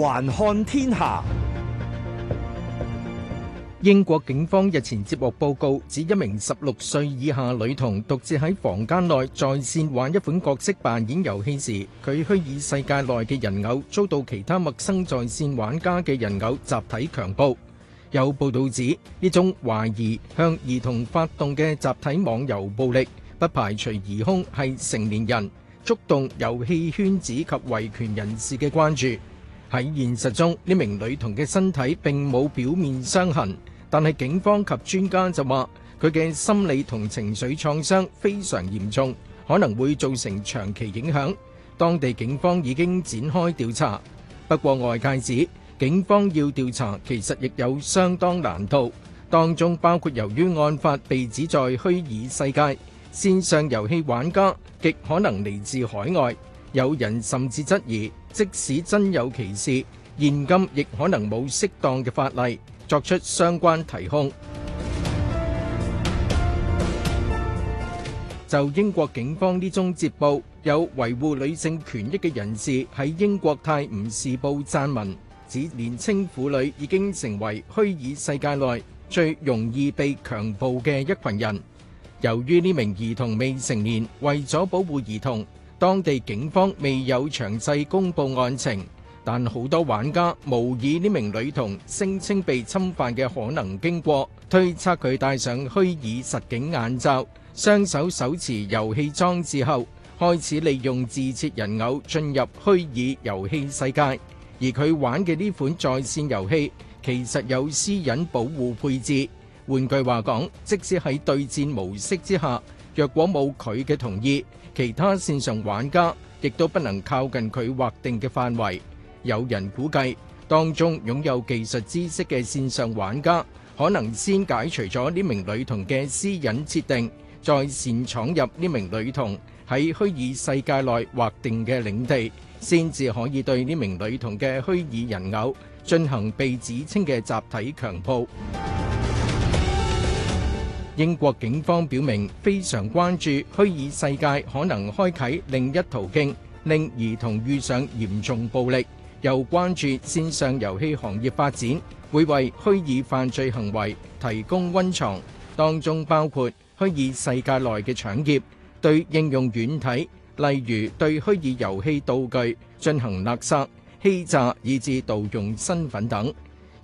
環看天下，英國警方日前接獲報告，指一名十六歲以下女童獨自喺房間內在線玩一款角色扮演遊戲時，佢虛擬世界內嘅人偶遭到其他陌生在線玩家嘅人偶集體強暴。有報道指，呢種懷疑向兒童發動嘅集體網遊暴力，不排除疑兇係成年人，觸動遊戲圈子及維權人士嘅關注。喺現實中，呢名女童嘅身體並冇表面傷痕，但係警方及專家就話佢嘅心理同情緒創傷非常嚴重，可能會造成長期影響。當地警方已經展開調查，不過外界指警方要調查其實亦有相當難度，當中包括由於案發被指在虛擬世界，線上遊戲玩家極可能嚟自海外。有人甚至質疑，即使真有其事，現今亦可能冇適當嘅法例作出相關提控。就英國警方呢宗接報，有維護女性權益嘅人士喺《英國泰晤士報》撰文，指年輕婦女已經成為虛擬世界內最容易被強暴嘅一群人。由於呢名兒童未成年，為咗保護兒童。當地警方未有詳細公布案情，但好多玩家模擬呢名女童聲稱被侵犯嘅可能經過，推測佢戴上虛擬實景眼罩，雙手手持遊戲裝置後，開始利用自設人偶進入虛擬遊戲世界。而佢玩嘅呢款在線遊戲其實有私隱保護配置，換句話講，即使喺對戰模式之下，若果冇佢嘅同意，其他線上玩家亦都不能靠近佢劃定嘅範圍。有人估計，當中擁有技術知識嘅線上玩家，可能先解除咗呢名女童嘅私隱設定，再擅闖入呢名女童喺虛擬世界內劃定嘅領地，先至可以對呢名女童嘅虛擬人偶進行被指稱嘅集體強暴。英國警方表明非常關注虛擬世界可能開啟另一途徑令兒童遇上嚴重暴力，又關注線上遊戲行業發展會為虛擬犯罪行為提供溫床，當中包括虛擬世界內的搶劫、對應用軟體，例如對虛擬遊戲道具進行勒殺欺詐，以至盜用身份等。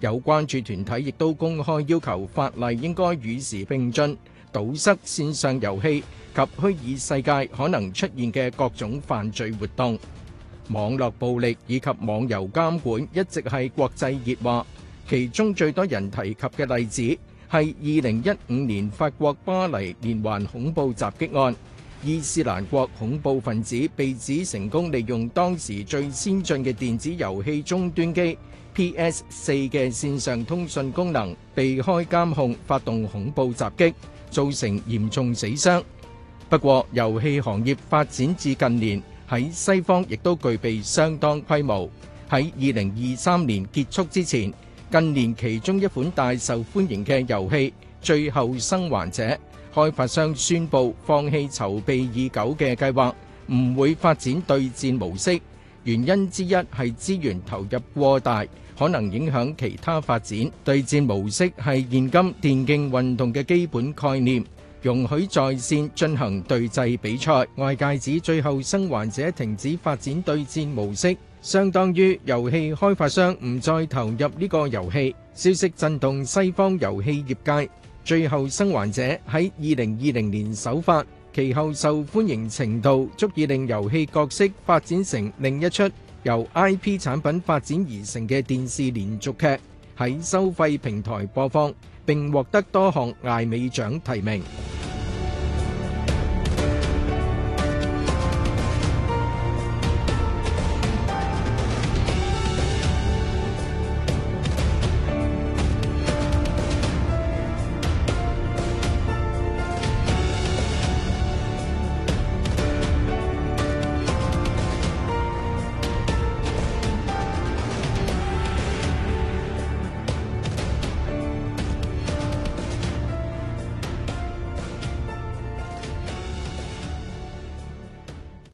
有關注團體亦都公開要求法例應該與時並進，堵塞線上遊戲及虛擬世界可能出現嘅各種犯罪活動。網絡暴力以及網遊監管一直係國際熱話，其中最多人提及嘅例子係2015年法國巴黎連環恐怖襲擊案伊斯蘭國恐怖分子被指成功利用當時最先進嘅電子遊戲終端機 PS4 嘅線上通訊功能，避開監控，發動恐怖襲擊，造成嚴重死傷。不過，遊戲行業發展至近年喺西方亦都具備相當規模。喺二零二三年結束之前，近年其中一款大受歡迎嘅遊戲《最後生還者》。開發商宣布放棄籌備已久嘅計劃，唔會發展對戰模式。原因之一係資源投入過大，可能影響其他發展。對戰模式係現今電競運動嘅基本概念，容許在線進行對峙比賽。外界指最後生還者停止發展對戰模式，相當於遊戲開發商唔再投入呢個遊戲。消息震動西方遊戲業界。最後生還者喺2020年首發，其後受歡迎程度足以令遊戲角色發展成另一出由 IP 產品發展而成嘅電視連續劇，喺收費平台播放，並獲得多項艾美獎提名。